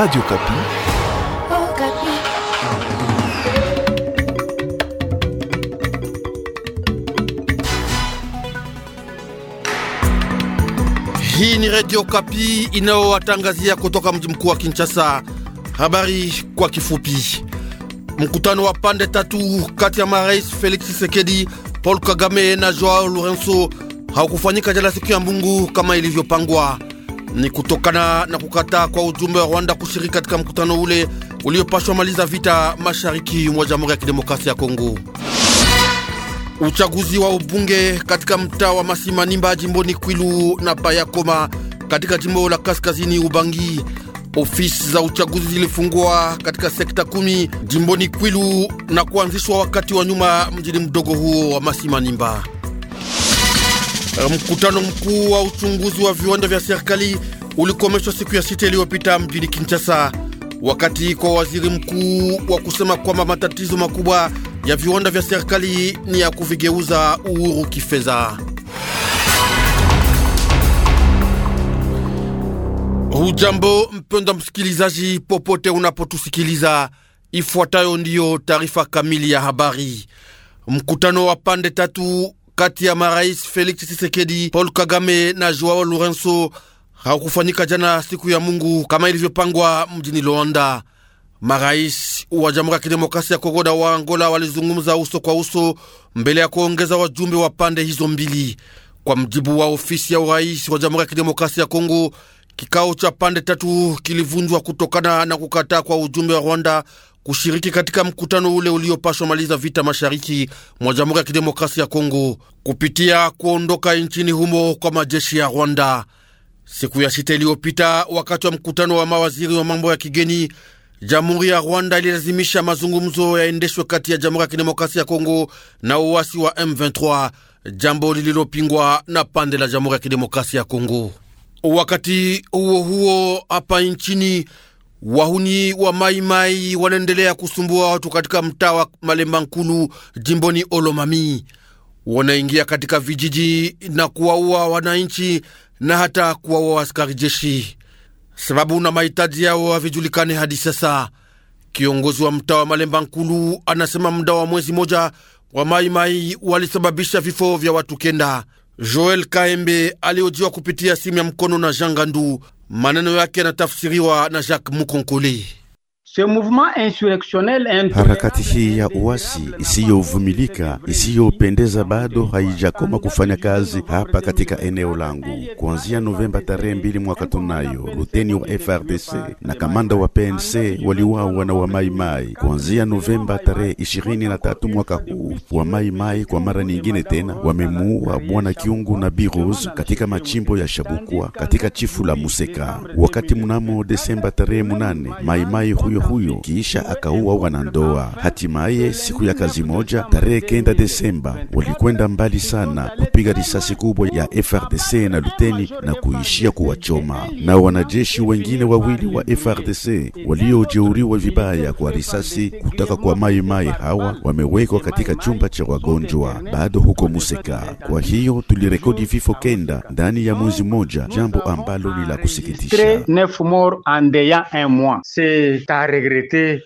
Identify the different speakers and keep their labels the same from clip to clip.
Speaker 1: Radio Kapi.
Speaker 2: Oh, Kapi.
Speaker 3: Hii ni Radio Kapi inayowatangazia kutoka mji mkuu wa Kinshasa. Habari kwa kifupi. Mkutano wa pande tatu kati ya marais Felix Tshisekedi, Paul Kagame na Joao Lourenço haukufanyika jana siku ya Mungu kama ilivyopangwa. Ni kutokana na kukataa kwa ujumbe wa Rwanda kushiriki katika mkutano ule uliopashwa maliza vita mashariki mwa Jamhuri ya Kidemokrasia ya Kongo. Uchaguzi wa ubunge katika mtaa wa Masimanimba jimboni Kwilu na Payakoma katika jimbo la kaskazini Ubangi. Ofisi za uchaguzi zilifungwa katika sekta kumi jimboni Kwilu na kuanzishwa wakati wa nyuma mjini mdogo huo wa Masimanimba. Eh, mkutano mkuu wa uchunguzi wa viwanda vya serikali ulikomeshwa siku ya sita iliyopita mjini Kinshasa, wakati kwa waziri mkuu wa kusema kwamba matatizo makubwa ya viwanda vya serikali ni ya kuvigeuza uhuru kifedha. Hujambo mpenda msikilizaji, popote unapotusikiliza, ifuatayo ndiyo taarifa kamili ya habari. Mkutano wa pande tatu kati ya marais Felix Tshisekedi, Paul Kagame na Joao Lourenco hakufanyika jana siku ya Mungu kama ilivyopangwa mjini Luanda. Marais wa Jamhuri ya Kidemokrasia ya Kongo na wa Angola walizungumza uso kwa uso mbele ya kuongeza wajumbe wa pande hizo mbili. Kwa mjibu wa ofisi ya urais wa Jamhuri ya Kidemokrasia ya Kongo, kikao cha pande tatu kilivunjwa kutokana na kukataa kwa ujumbe wa Rwanda kushiriki katika mkutano ule uliopashwa maliza vita mashariki mwa Jamhuri ya Kidemokrasia ya Kongo kupitia kuondoka nchini humo kwa majeshi ya Rwanda. Siku ya sita iliyopita, wakati wa mkutano wa mawaziri wa mambo ya kigeni, Jamhuri ya Rwanda ililazimisha mazungumzo yaendeshwe kati ya Jamhuri ya Kidemokrasia ya Kongo na uwasi wa M23, jambo lililopingwa na pande la Jamhuri ya Kidemokrasia ya Kongo. Wakati huo huo, hapa nchini Wahuni wa Maimai wanaendelea kusumbua watu katika mtaa wa Malemba Nkulu jimboni Olomami. Wanaingia katika vijiji na kuwaua wananchi na hata kuwaua askari jeshi. Sababu na mahitaji yao havijulikani hadi sasa. Kiongozi wa mtaa wa Malemba Nkulu anasema muda wa mwezi moja wa Maimai walisababisha vifo vya watu kenda. Joel Kaembe aliojiwa kupitia simu ya mkono na Gandu Maneno yake yanatafsiriwa na Jacques Mukonkoli.
Speaker 1: Harakati hii ya uasi isiyovumilika isiyopendeza bado haijakoma kufanya kazi hapa katika eneo langu. Kuanzia Novemba tarehe mbili mwaka tunayo, luteni wa FRDC na kamanda wa PNC waliwawa na wamaimai. Kuanzia Novemba tarehe ishirini na tatu mwaka huu, wamaimai kwa mara nyingine tena wamemuua bwana Kiungu na Biros katika machimbo ya Shabukwa katika chifu la Museka. Wakati mnamo Desemba tarehe munane maimai huyo huyo, kisha akaua wanandoa. Hatimaye siku ya kazi moja tarehe kenda Desemba walikwenda mbali sana kupiga risasi kubwa ya FRDC na luteni na kuishia kuwachoma. Na wanajeshi wengine wawili wa FRDC waliojeuriwa vibaya kwa risasi kutaka kwa mai mai hawa wamewekwa katika chumba cha wagonjwa bado huko Museka. Kwa hiyo tulirekodi vifo kenda ndani ya mwezi mmoja, jambo ambalo ni la kusikitisha
Speaker 4: regretter.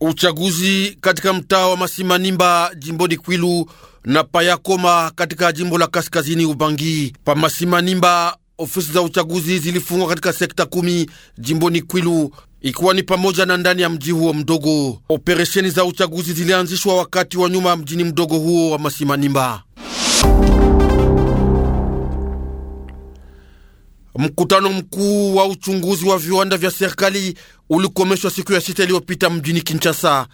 Speaker 3: Uchaguzi katika mtaa wa Masimanimba jimboni Kwilu na Payakoma katika jimbo la kaskazini Ubangi. Pa Masimanimba ofisi za uchaguzi zilifungwa katika sekta kumi jimboni Kwilu, ikiwa ni pamoja na ndani ya mji huo mdogo. Operesheni za uchaguzi zilianzishwa wakati wa nyuma mjini mdogo huo wa Masimanimba. Mkutano mkuu wa uchunguzi wa viwanda vya serikali ulikomeshwa siku ya sita iliyopita mjini Kinshasa.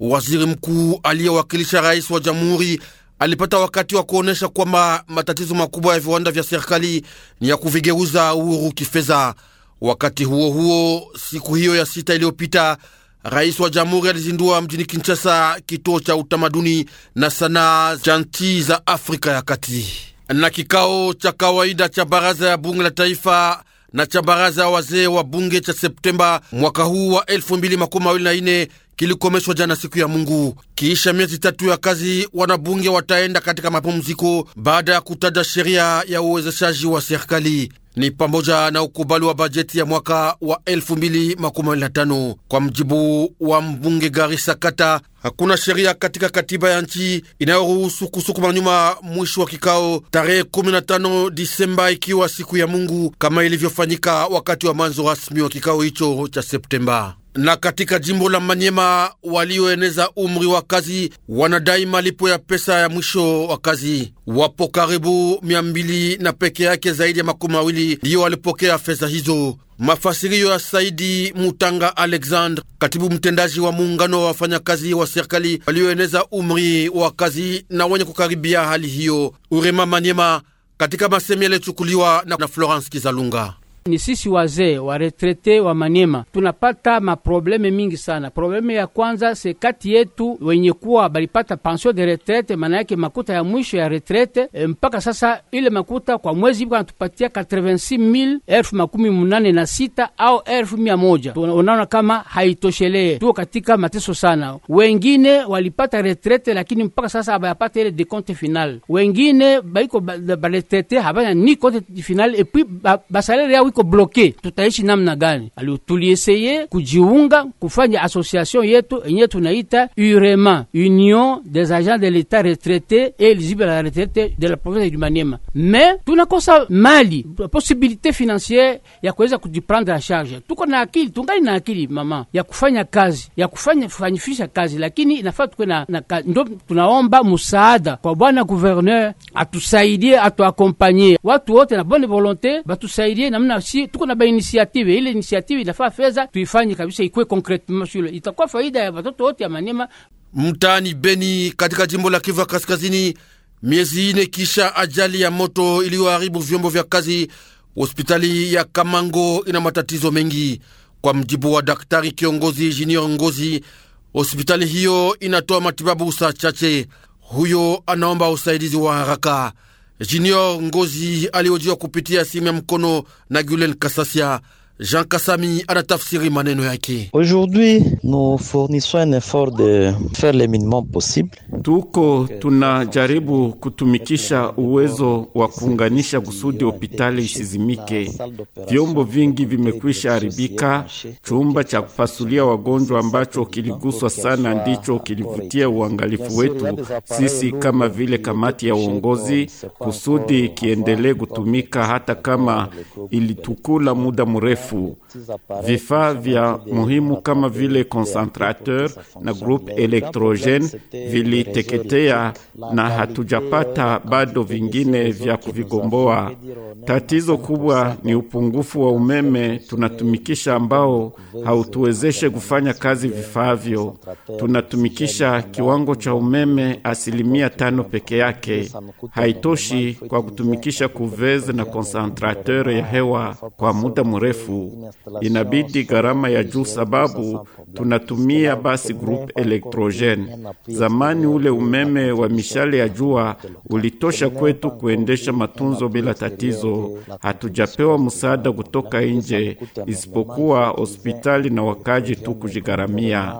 Speaker 3: Waziri mkuu aliyewakilisha rais wa jamhuri alipata wakati wa kuonyesha kwamba matatizo makubwa ya viwanda vya serikali ni ya kuvigeuza uhuru kifedha. Wakati huo huo, siku hiyo ya sita iliyopita, rais wa jamhuri alizindua mjini Kinshasa kituo cha utamaduni na sanaa cha nchi za Afrika ya Kati na kikao cha kawaida cha baraza ya bunge la taifa na cha baraza ya wazee wa bunge cha Septemba mwaka huu wa 2024 kilikomeshwa jana siku ya Mungu. Kiisha miezi tatu ya kazi, wanabunge wataenda katika mapumziko baada ya kutaja sheria ya uwezeshaji wa serikali ni pamoja na ukubali wa bajeti ya mwaka wa 2025. Kwa mjibu wa mbunge Gari Sakata, hakuna sheria katika katiba ya nchi inayoruhusu kusukuma nyuma mwisho wa kikao tarehe 15 Disemba, ikiwa siku ya Mungu kama ilivyofanyika wakati wa mwanzo rasmi wa kikao hicho cha Septemba na katika jimbo la Manyema walioeneza umri wa kazi wanadai malipo ya pesa ya mwisho wa kazi. Wapo karibu mia mbili na peke yake zaidi ya makumi mawili ndiyo walipokea fedha hizo. Mafasirio ya Saidi Mutanga Alexandre, katibu mtendaji wa muungano wa wafanyakazi wa serikali walioeneza umri wa kazi na wenye kukaribia hali hiyo, Urema Manyema, katika masemi yaliyochukuliwa na Florence Kizalunga.
Speaker 5: Ni sisi wazee wa retrete wa manema tunapata maprobleme mingi sana. Probleme ya kwanza se kati yetu wenye kuwa balipata pension de retraite, maana yake makuta ya mwisho ya retraite e, mpaka sasa ile makuta kwa mwezi iko anatupatia 86000 elfu makumi munane na sita au elfu mia moja. Unaona kama haitoshelee, tuko katika mateso sana. Wengine walipata retraite lakini mpaka sasa habayapata ile decompte final, wengine baiko baretraite habana ni compte final, ba salaire yao tuko bloke, tutaishi namna gani? Alio tulieseye kujiunga kufanya association yetu enye tunaita UREMA, Union des agents de l'etat et eligible à la retraite de la province du Maniema, me tunakosa mali posibilite financiere ya kuweza kujiprendre la charge. Tuko na akili, tungali na akili mama ya kufanya kazi ya kufanya kufanyifisha kazi, lakini inafaa tukwe na, na kazi. Ndo tunaomba musaada kwa bwana gouverneur atusaidie, atuakompanye watu wote na bonne volonté batusaidie namna si tuko na ba initiative, ile initiative inafaa fedha tuifanye kabisa, ikuwe concretement sur itakuwa faida ya watoto wote ya Maniema. Mtaani Beni katika
Speaker 3: jimbo la Kivu Kaskazini, miezi ine kisha ajali ya moto iliyoharibu vyombo vya kazi, hospitali ya Kamango ina matatizo mengi. Kwa mjibu wa daktari kiongozi Junior Ngozi, hospitali hiyo inatoa matibabu saa chache. Huyo anaomba usaidizi wa haraka. Junior Ngozi aliojiwa kupitia simu ya mkono na Gulen Kasasia Jean Kasami anatafsiri maneno yake.
Speaker 4: Aujourd'hui nous fournissons un effort de faire le minimum possible. Tuko tunajaribu kutumikisha uwezo wa kuunganisha kusudi hospitali isizimike. Vyombo vingi vimekwisha haribika. Chumba cha kupasulia wagonjwa ambacho kiliguswa sana ndicho kilivutia uangalifu wetu sisi kama vile kamati ya uongozi, kusudi kiendelee kutumika hata kama ilitukula muda mrefu uchafu. Vifaa vya muhimu kama vile concentrateur na group electrogene viliteketea na hatujapata bado vingine vya kuvigomboa. Tatizo kubwa ni upungufu wa umeme tunatumikisha, ambao hautuwezeshe kufanya kazi vifaavyo. Tunatumikisha kiwango cha umeme asilimia tano peke yake, haitoshi kwa kutumikisha kuveze na concentrateur ya hewa kwa muda mrefu sababu inabidi gharama ya juu, sababu tunatumia basi group electrogene. Zamani euh, ule umeme wa mishale ya jua ulitosha kwetu kuendesha matunzo bila tatizo. Hatujapewa msaada kutoka nje, isipokuwa hospitali na wakaji tu kujigharamia.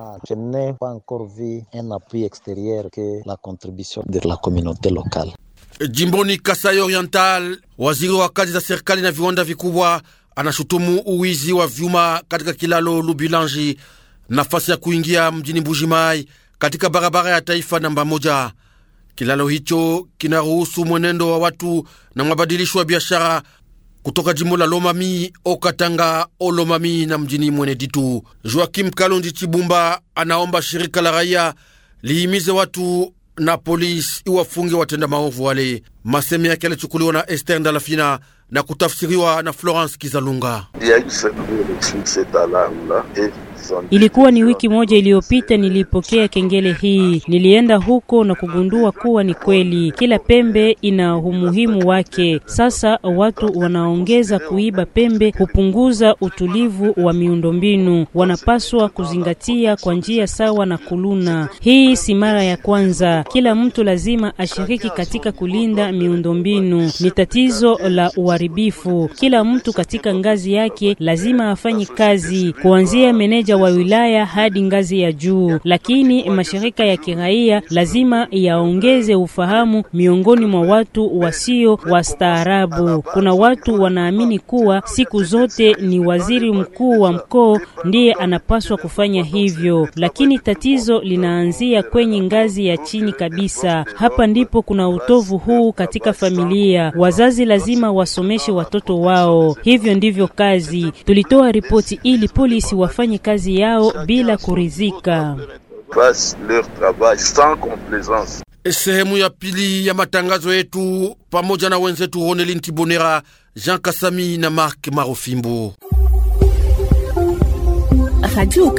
Speaker 4: Jimboni
Speaker 3: Kasai Oriental, waziri wa kazi za serikali na viwanda vikubwa anashutumu uwizi wa vyuma katika kilalo Lubilanji, nafasi ya kuingia mjini Mbujimai katika barabara ya taifa namba moja. Kilalo hicho kinaruhusu mwenendo wa watu na mabadilisho ya biashara kutoka jimbo la Lomami, Okatanga, Olomami na mjini Mweneditu. Joakim Kalonji Chibumba anaomba shirika la raia lihimize watu na polisi iwafunge watenda maovu wale. Maseme yake yalichukuliwa na Ester Ndalafina na kutafsiriwa na Florence Kizalunga.
Speaker 6: Ilikuwa ni wiki moja iliyopita nilipokea kengele hii. Nilienda huko na kugundua kuwa ni kweli, kila pembe ina umuhimu wake. Sasa watu wanaongeza kuiba pembe, hupunguza utulivu wa miundombinu. Wanapaswa kuzingatia kwa njia sawa na kuluna. Hii si mara ya kwanza. Kila mtu lazima ashiriki katika kulinda miundombinu. Ni tatizo la uharibifu. Kila mtu katika ngazi yake lazima afanye kazi, kuanzia meneja wa wilaya hadi ngazi ya juu, lakini mashirika ya kiraia lazima yaongeze ufahamu miongoni mwa watu wasio wastaarabu. Kuna watu wanaamini kuwa siku zote ni waziri mkuu wa mkoo ndiye anapaswa kufanya hivyo, lakini tatizo linaanzia kwenye ngazi ya chini kabisa. Hapa ndipo kuna utovu huu katika familia. Wazazi lazima wasomeshe watoto wao, hivyo ndivyo kazi. Tulitoa ripoti ili polisi wafanye kazi kazi yao bila kuridhika.
Speaker 3: Sehemu ya pili ya matangazo yetu pamoja na wenzetu Ronelin Tibonera, Jean Kasami na Mark Marofimbo.
Speaker 6: Radio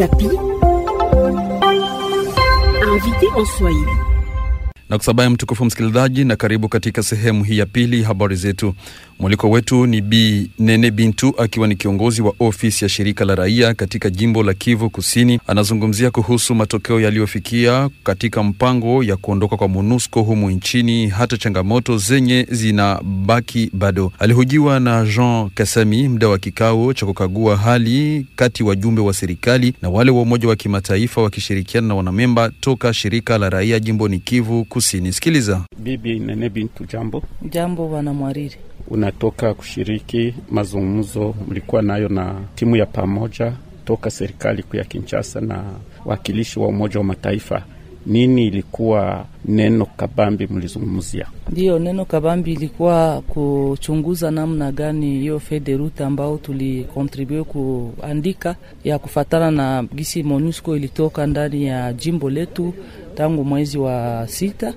Speaker 7: na kusabaya mtukufu msikilizaji, na karibu katika sehemu hii ya pili habari zetu. Mwaliko wetu ni Bi Nene Bintu akiwa ni kiongozi wa ofisi ya shirika la raia katika jimbo la Kivu Kusini. Anazungumzia kuhusu matokeo yaliyofikia katika mpango ya kuondoka kwa MONUSCO humu nchini, hata changamoto zenye zinabaki bado. Alihojiwa na Jean Kasami muda wa kikao cha kukagua hali kati wajumbe wa serikali na wale wa Umoja wa Kimataifa wakishirikiana na wanamemba toka shirika la raia jimboni Kivu
Speaker 4: Kusini. Sikiliza Bibi Nene Bintu. Jambo
Speaker 8: jambo, bwana Mwariri
Speaker 4: unatoka kushiriki mazungumzo mlikuwa nayo na timu ya pamoja toka serikali kuu ya Kinshasa na wakilishi wa Umoja wa Mataifa. Nini ilikuwa neno kabambi mlizungumzia?
Speaker 8: Ndiyo, neno kabambi ilikuwa kuchunguza namna gani hiyo fede route ambao tulikontribue kuandika ya kufatana na gisi MONUSCO ilitoka ndani ya jimbo letu tangu mwezi wa sita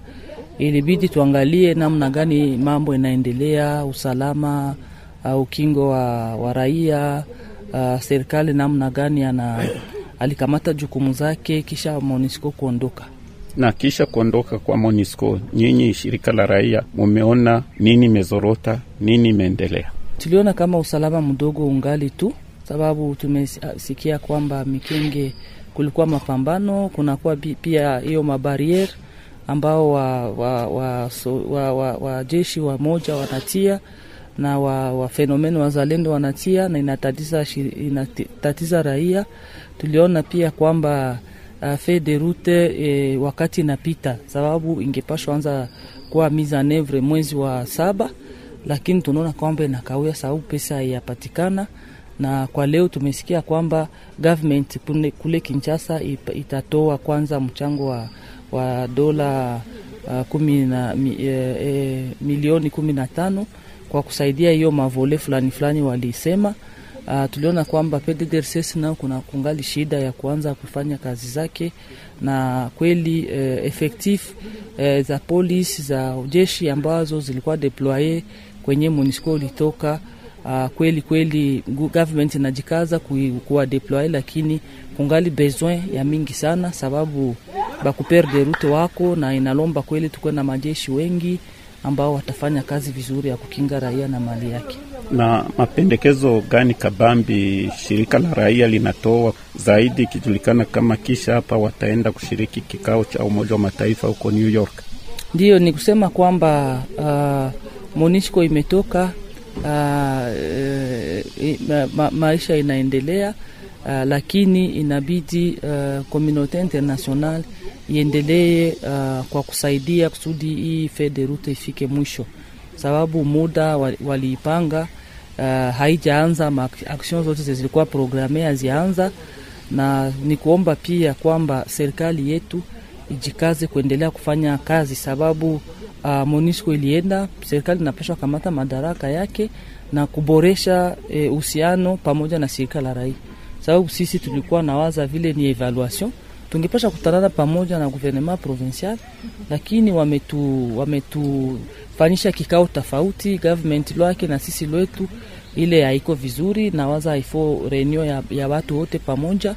Speaker 8: ilibidi tuangalie namna gani mambo inaendelea, usalama au uh, kingo wa, wa raia uh, serikali namna gani ana alikamata jukumu zake kisha MONUSCO kuondoka
Speaker 4: na kisha kuondoka kwa MONUSCO, nyinyi shirika la raia mumeona nini mezorota, nini imeendelea?
Speaker 8: Tuliona kama usalama mdogo ungali tu, sababu tumesikia kwamba Mikenge kulikuwa mapambano, kunakuwa pia hiyo mabarier ambao wajeshi wa, wa, wa, wa, wa wamoja wanatia na wafenomeno wa wazalendo wanatia na inatatiza, inatatiza raia. Tuliona pia kwamba uh, fe de route e, wakati inapita, sababu ingepashwa anza kuwa mise en oeuvre mwezi wa saba, lakini tunaona kwamba inakawia sababu pesa haiyapatikana na kwa leo tumesikia kwamba government kule Kinshasa itatoa kwanza mchango wa, wa dola uh, kumi na, mi, eh, eh, milioni kumi na tano kwa kusaidia hiyo mavole fulani fulani walisema. Uh, tuliona kwamba PDDRCS nao kuna kungali shida ya kuanza kufanya kazi zake, na kweli eh, efektif eh, za polisi za jeshi ambazo zilikuwa deploye kwenye MONUSCO ulitoka Uh, kweli kweli government inajikaza kuwa deploy, lakini kungali besoin ya mingi sana, sababu bakuperde rute wako na inalomba kweli tukuwe na majeshi wengi ambao watafanya kazi vizuri ya kukinga raia na mali yake.
Speaker 4: Na mapendekezo gani kabambi shirika la raia linatoa zaidi, ikijulikana kama kisha hapa wataenda kushiriki kikao cha Umoja wa Mataifa huko New York?
Speaker 8: Ndiyo ni kusema kwamba uh, ah, Monisco imetoka uh, e, ma maisha inaendelea uh, lakini inabidi uh, ah, komunote international iendelee uh, kwa kusaidia kusudi hii fede rute ifike mwisho, sababu muda waliipanga uh, haijaanza. Maaction zote zilikuwa programe hazianza, na ni kuomba pia kwamba serikali yetu ijikaze kuendelea kufanya kazi sababu uh, Monisco ilienda, serikali inapaswa kamata madaraka yake na kuboresha eh, uhusiano pamoja na shirika la raia, sababu sisi tulikuwa nawaza vile ni evaluation tungepasha kutanana pamoja na gouvernement provincial, lakini wametu wametufanyisha kikao tofauti government lwake na sisi lwetu, ile haiko vizuri. Nawaza ifo renio ya, ya watu wote pamoja.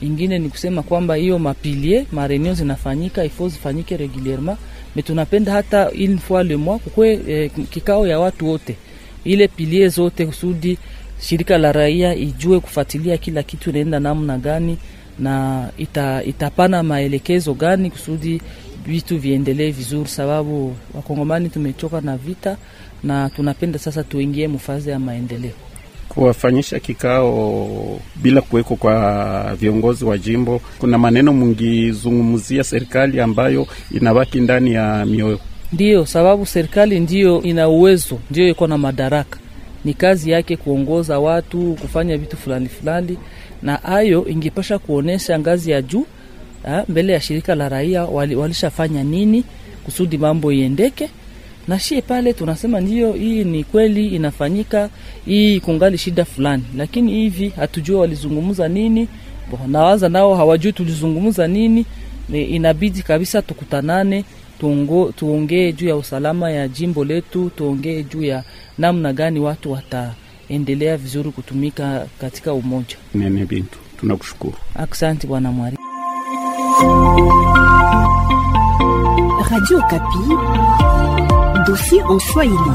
Speaker 8: Ingine ni kusema kwamba hiyo mapilie ma reunion zinafanyika ifo zifanyike regulierement me tunapenda hata une fois le mois kukwe eh, kikao ya watu wote ile pilie zote kusudi shirika la raia ijue kufuatilia kila kitu inaenda namna gani na ita, itapana maelekezo gani kusudi vitu viendelee vizuri, sababu wakongomani tumechoka na vita na tunapenda sasa tuingie mufaze ya maendeleo
Speaker 4: kuwafanyisha kikao bila kuwekwa kwa viongozi wa jimbo, kuna maneno mungizungumzia serikali ambayo inabaki ndani ya mioyo.
Speaker 8: Ndiyo sababu serikali ndiyo ina uwezo, ndiyo iko na madaraka, ni kazi yake kuongoza watu kufanya vitu fulani fulani, na hayo ingepasha kuonyesha ngazi ya juu ha, ah, mbele ya shirika la raia walishafanya nini kusudi mambo iendeke na shie pale tunasema ndio, hii ni kweli inafanyika, hii kungali shida fulani, lakini hivi hatujua walizungumza nini. Nawaza nao hawajui tulizungumza nini. Inabidi kabisa tukutanane, tuongee juu ya usalama ya jimbo letu, tuongee juu ya namna gani watu wataendelea vizuri kutumika katika umoja.
Speaker 4: Nene Bintu, tunakushukuru.
Speaker 6: Asante bwana Mwari. Radio Kapi Dossier en Swahili.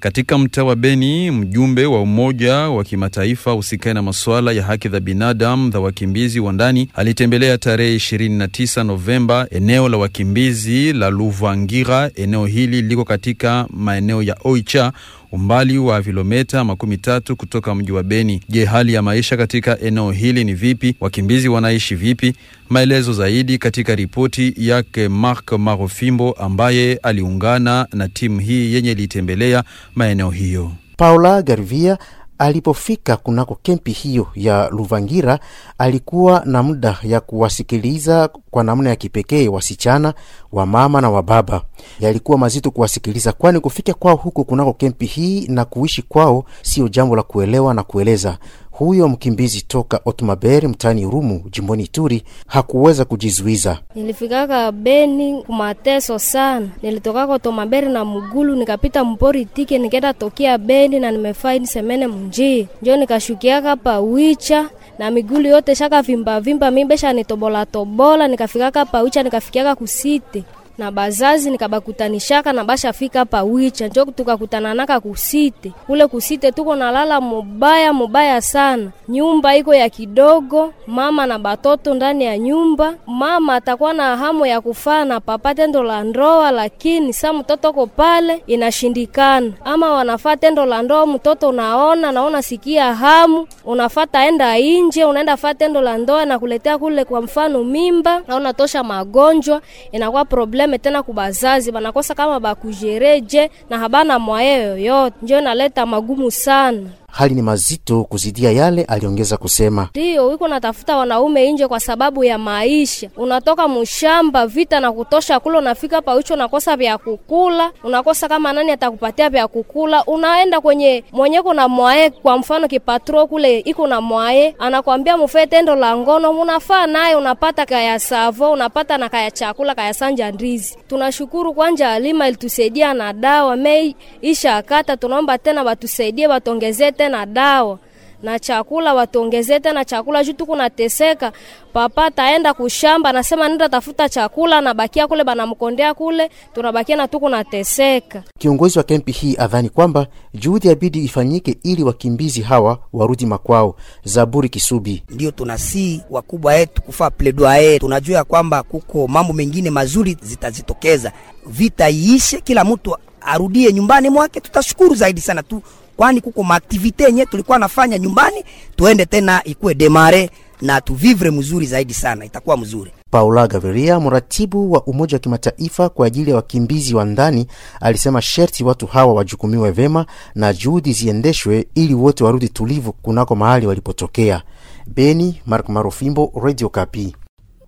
Speaker 7: Katika mtaa wa Beni, mjumbe wa Umoja wa Kimataifa husikae na masuala ya haki za binadamu za wakimbizi wa ndani alitembelea tarehe 29 Novemba eneo la wakimbizi la Luvangira. Eneo hili liko katika maeneo ya Oicha umbali wa kilomita makumi tatu kutoka mji wa Beni. Je, hali ya maisha katika eneo hili ni vipi? Wakimbizi wanaishi vipi? Maelezo zaidi katika ripoti yake Mark Marofimbo ambaye aliungana na timu hii yenye ilitembelea maeneo hiyo.
Speaker 9: Paula Garvia Alipofika kunako kempi hiyo ya Luvangira, alikuwa na muda ya kuwasikiliza kwa namna ya kipekee wasichana wa mama na wa baba. Yalikuwa mazito kuwasikiliza, kwani kufika kwao huko kunako kempi hii na kuishi kwao sio jambo la kuelewa na kueleza. Huyo mkimbizi toka Otmaber mtaani Rumu jimboni Turi hakuweza kujizuiza.
Speaker 2: Nilifikaka Beni kumateso sana, nilitokaka Otmaber na mugulu nikapita mpori tike nikenda tokia Beni na nimefaini semene munjii njo nikashukiaka pawicha na migulu yote shaka vimba vimba, mibesha nitobola tobola, nikafikaka pawicha nikafikiaka kusite na bazazi nikabakutanishaka na bashafika hapa wicha njo tukakutananaka kusite kule kusite tuko nalala mubaya mubaya sana. Nyumba iko ya kidogo, mama na batoto ndani ya nyumba. Mama atakuwa na hamu ya kufaa na papa tendo la ndoa, lakini sa mtoto ko pale inashindikana, ama wanafaa tendo la ndoa. Mtoto unaona naona sikia hamu, unafata enda inje, unaenda fa tendo la ndoa na kuletea kule, kwa mfano mimba, naona tosha magonjwa, inakuwa problem bame tena kubazazi banakosa kama bakujereje na habana mwaye yoyote, njo naleta magumu sana
Speaker 9: hali ni mazito kuzidia yale, aliongeza kusema.
Speaker 2: ndio wiko natafuta wanaume nje kwa sababu ya maisha, unatoka mushamba vita na kutosha kula, unafika paucho unakosa vya kukula, unakosa kama nani atakupatia vya kukula, unaenda kwenye mwenyeko na mwae, kwa mfano kipatro kule iko na mwae, anakwambia mufe tendo la ngono, unafaa naye, unapata kaya savo, unapata na kaya chakula, kaya sanja ndizi. Tunashukuru kwanja alima ilitusaidia na dawa mei isha akata, tunaomba tena watusaidie watongezete tena dawa na chakula watuongezee tena chakula juu tuko nateseka. Papa taenda kushamba, nasema nenda tafuta chakula, nabakia kule banamkondea kule, tunabakia na tuko nateseka.
Speaker 9: Kiongozi wa kempi hii adhani kwamba juhudi ya bidi ifanyike ili wakimbizi hawa warudi makwao. Zaburi Kisubi:
Speaker 2: ndio tunasii wakubwa wetu kufaa pledoaye, tunajua ya kwamba kuko mambo mengine mazuri zitazitokeza, vita iishe, kila mtu arudie nyumbani mwake, tutashukuru zaidi sana tu kwani kuko maaktivite yenye tulikuwa nafanya nyumbani, tuende tena ikuwe demare na tuvivre mzuri zaidi sana, itakuwa mzuri.
Speaker 9: Paula Gaviria, mratibu wa Umoja wa Kimataifa kwa ajili ya wakimbizi wa ndani, alisema sherti watu hawa wajukumiwe vema na juhudi ziendeshwe ili wote warudi tulivu kunako mahali walipotokea. Beni, Mark Marofimbo, Radio Kapi.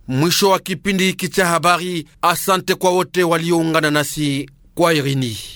Speaker 3: Mwisho wa kipindi hiki cha habari. Asante kwa wote walioungana nasi kwa Irini.